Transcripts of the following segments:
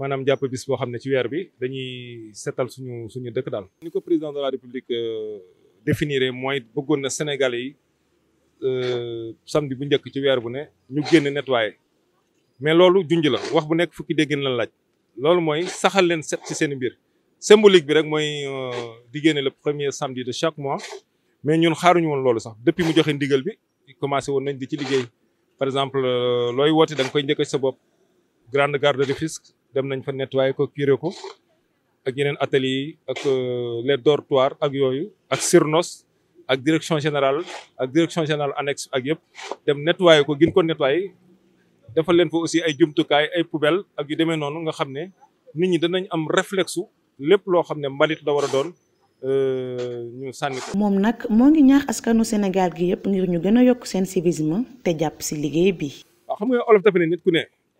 maanaam jàpp bis boo xam ne ci weer bi dañuy seetal suñu suñu dëkk daal. ñu ko président de la république euh, définir mooy bëggoon na Sénégalais yi euh, samedi bu njëkk ci weer bu ne ñu génn nettoyé mais loolu junj la wax bu nekk fukki déggin la laaj loolu mooy saxal leen set ci seen mbir symbolique bi rek mooy euh, di génne le premier samedi de chaque mois mais ñun xaaruñu woon loolu sax depuis mu joxe ndigal bi commencé woon nañ di ci liggéey par exemple looy woote da koy njëkk sa bopp dem nañ fa nettoyer ko curé ko ak yeneen ateliers yi ak euh, les dortoirs ak yooyu ak Sirnos ak direction général ak direction générale annexe ak yëpp dem nettoyer ko gin ko nettoyer defal leen fa aussi ay jumtukaay ay poubelle ak yu demee noonu nga xam ne nit ñi danañ am reflexu lépp loo xam ne mbalit la war a doon euh, ñu sànni ko. moom nag moo ngi ñaax askanu Sénégal gi yëpp ngir ñu gën a yokk seen civisme te jàpp si liggéey bi. waaw xam nga olof dafa ne nit ku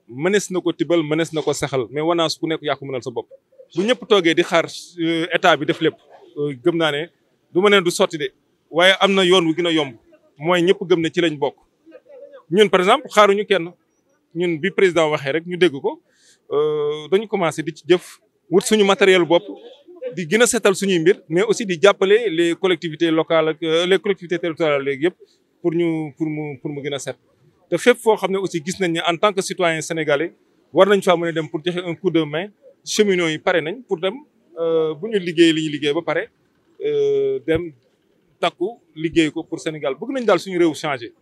mënees na ko tibal mënees na ko saxal mais wanaas ku nekk yaa ko mënal sa bopp bu ñëpp toogee di xaar euh, état bi def lépp euh, gëm naa ne du ma ne du sotti de waaye am na yoon wu gën a yomb mooy ñëpp gëm na ci lañ bokk ñun par exemple xaaruñu kenn ñun bi président waxee rek ñu dégg ko euh, dañu commencé di ci jëf wut suñu matériel bopp di gën a seetal suñuy mbir mais aussi di jàppale les collectivités locales ak les collectivités territoriales léegi yëpp pour ñu pour mu pour mu gën a set te fépp foo xam ne aussi gis nañ ne en tant que citoyen sénégalais war nañ faa mën a dem pour joxe un coup de main cheminots yi pare nañ pour dem euh, bu ñu liggéey li ñu liggéey ba pare euh, dem takku liggéey ko pour Sénégal bëgg nañ daal suñu réew changé.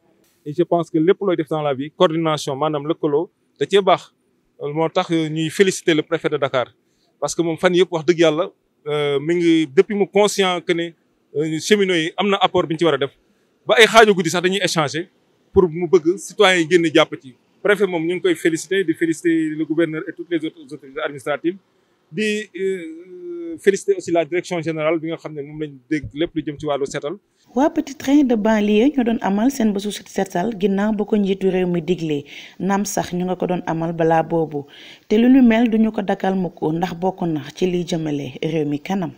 et je pense que lépp looy def dans la vie coordination maanaam lëkkaloo da cee baax moo tax euh, ñuy féliciter le préfet de Dakar parce que moom fan yëpp wax dëgg yàlla mi ngi depuis mu conscient que ne cheminots yi am na apport bi ñu ci war a def ba ay xaaju guddi sax dañuy échanger. pour mu bëgg citoyens yi génn jàpp ci préfet moom ñu ngi koy féliciter di féliciter le gouverneur et toutes les autres autorités di euh, féliciter aussi la direction générale bi nga xam ne moom lañ dégg lépp lu jëm ci wàllu setal waa petit train de banlieue ñoo doon amal seen bésu setal ginnaaw ba ko njiitu réew mi digle naam sax ñu nga ko doon amal balaa boobu te lu ñu mel duñu ko dakkal mukk ndax bokk na ci liy jëmale réew mi kanam